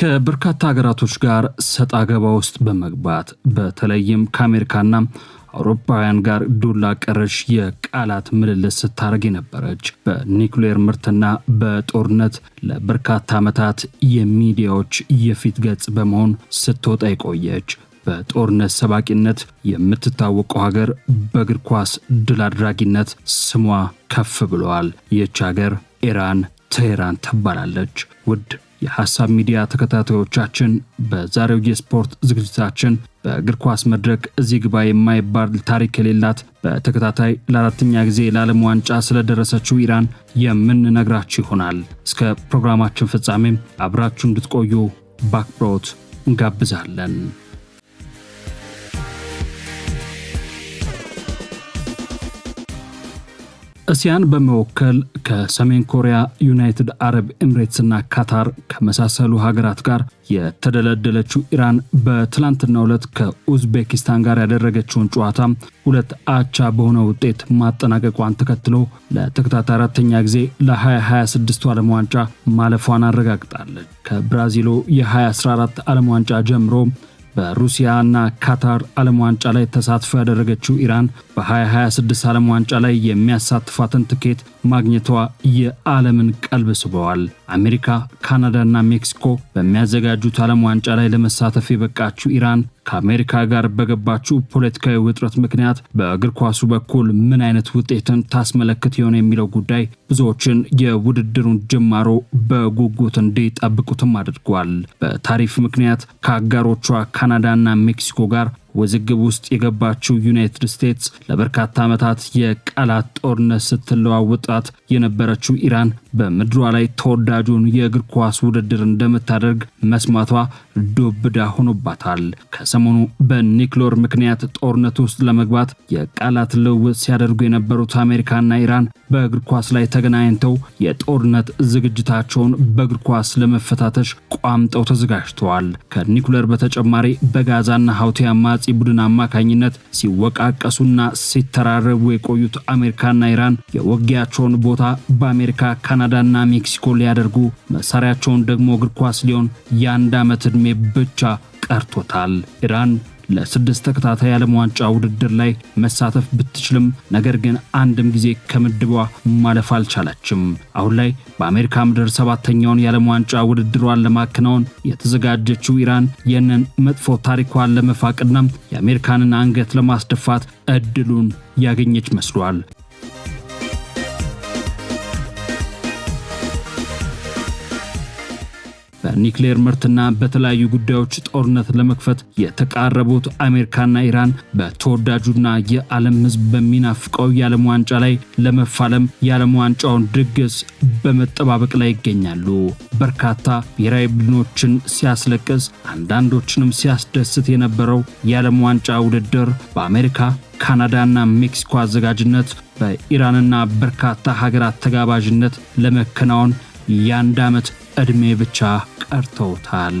ከበርካታ ሀገራቶች ጋር ሰጣ አገባ ውስጥ በመግባት በተለይም ከአሜሪካና አውሮፓውያን ጋር ዱላ ቀረሽ የቃላት ምልልስ ስታደርግ የነበረች በኒውክሌር ምርትና በጦርነት ለበርካታ ዓመታት የሚዲያዎች የፊት ገጽ በመሆን ስትወጣ የቆየች በጦርነት ሰባቂነት የምትታወቀው ሀገር በእግር ኳስ ድል አድራጊነት ስሟ ከፍ ብለዋል። ይህች ሀገር ኢራን ትሄራን ትባላለች። ውድ የሐሳብ ሚዲያ ተከታታዮቻችን በዛሬው የስፖርት ዝግጅታችን በእግር ኳስ መድረክ እዚህ ግባ የማይባል ታሪክ የሌላት በተከታታይ ለአራተኛ ጊዜ ለዓለም ዋንጫ ስለደረሰችው ኢራን የምንነግራችሁ ይሆናል። እስከ ፕሮግራማችን ፍጻሜም አብራችሁ እንድትቆዩ ባክብሮት እንጋብዛለን። እስያን በመወከል ከሰሜን ኮሪያ፣ ዩናይትድ አረብ ኤምሬትስና ካታር ከመሳሰሉ ሀገራት ጋር የተደለደለችው ኢራን በትላንትናው ዕለት ከኡዝቤኪስታን ጋር ያደረገችውን ጨዋታ ሁለት አቻ በሆነ ውጤት ማጠናቀቋን ተከትሎ ለተከታታይ አራተኛ ጊዜ ለ2026 ዓለም ዋንጫ ማለፏን አረጋግጣለች። ከብራዚሉ የ2014 ዓለም ዋንጫ ጀምሮ በሩሲያና ካታር ዓለም ዋንጫ ላይ ተሳትፎ ያደረገችው ኢራን በ2026 ዓለም ዋንጫ ላይ የሚያሳትፋትን ትኬት ማግኘቷ የዓለምን ቀልብ ስበዋል። አሜሪካ፣ ካናዳና ሜክሲኮ በሚያዘጋጁት ዓለም ዋንጫ ላይ ለመሳተፍ የበቃችው ኢራን ከአሜሪካ ጋር በገባችው ፖለቲካዊ ውጥረት ምክንያት በእግር ኳሱ በኩል ምን አይነት ውጤትን ታስመለክት ይሆን የሚለው ጉዳይ ብዙዎችን የውድድሩን ጅማሮ በጉጉት እንዲጠብቁትም አድርጓል። በታሪፍ ምክንያት ከአጋሮቿ ካናዳና ሜክሲኮ ጋር ውዝግብ ውስጥ የገባችው ዩናይትድ ስቴትስ ለበርካታ ዓመታት የቃላት ጦርነት ስትለዋውጣት የነበረችው ኢራን በምድሯ ላይ ተወዳጁን የእግር ኳስ ውድድር እንደምታደርግ መስማቷ ዶብዳ ሆኖባታል። ከሰሞኑ በኒክሎር ምክንያት ጦርነት ውስጥ ለመግባት የቃላት ልውውጥ ሲያደርጉ የነበሩት አሜሪካና ኢራን በእግር ኳስ ላይ ተገናኝተው የጦርነት ዝግጅታቸውን በእግር ኳስ ለመፈታተሽ ቋምጠው ተዘጋጅተዋል። ከኒኩለር በተጨማሪ በጋዛና ሀውቲ አማጺ ቡድን አማካኝነት ሲወቃቀሱና ሲተራረቡ የቆዩት አሜሪካና ኢራን የውጊያቸውን ቦታ በአሜሪካ ካና ካናዳና ሜክሲኮ ሊያደርጉ መሳሪያቸውን ደግሞ እግር ኳስ ሊሆን የአንድ ዓመት ዕድሜ ብቻ ቀርቶታል። ኢራን ለስድስት ተከታታይ የዓለም ዋንጫ ውድድር ላይ መሳተፍ ብትችልም ነገር ግን አንድም ጊዜ ከምድቧ ማለፍ አልቻለችም። አሁን ላይ በአሜሪካ ምድር ሰባተኛውን የዓለም ዋንጫ ውድድሯን ለማከናወን የተዘጋጀችው ኢራን ይህንን መጥፎ ታሪኳን ለመፋቅና የአሜሪካንን አንገት ለማስደፋት እድሉን ያገኘች መስሏል። በኒክሌር ምርትና በተለያዩ ጉዳዮች ጦርነት ለመክፈት የተቃረቡት አሜሪካና ኢራን በተወዳጁና የዓለም ሕዝብ በሚናፍቀው የዓለም ዋንጫ ላይ ለመፋለም የዓለም ዋንጫውን ድግስ በመጠባበቅ ላይ ይገኛሉ። በርካታ ብሔራዊ ቡድኖችን ሲያስለቅስ አንዳንዶችንም ሲያስደስት የነበረው የዓለም ዋንጫ ውድድር በአሜሪካ ካናዳና ሜክሲኮ አዘጋጅነት በኢራንና በርካታ ሀገራት ተጋባዥነት ለመከናወን የአንድ ዓመት ዕድሜ ብቻ ቀርተውታል።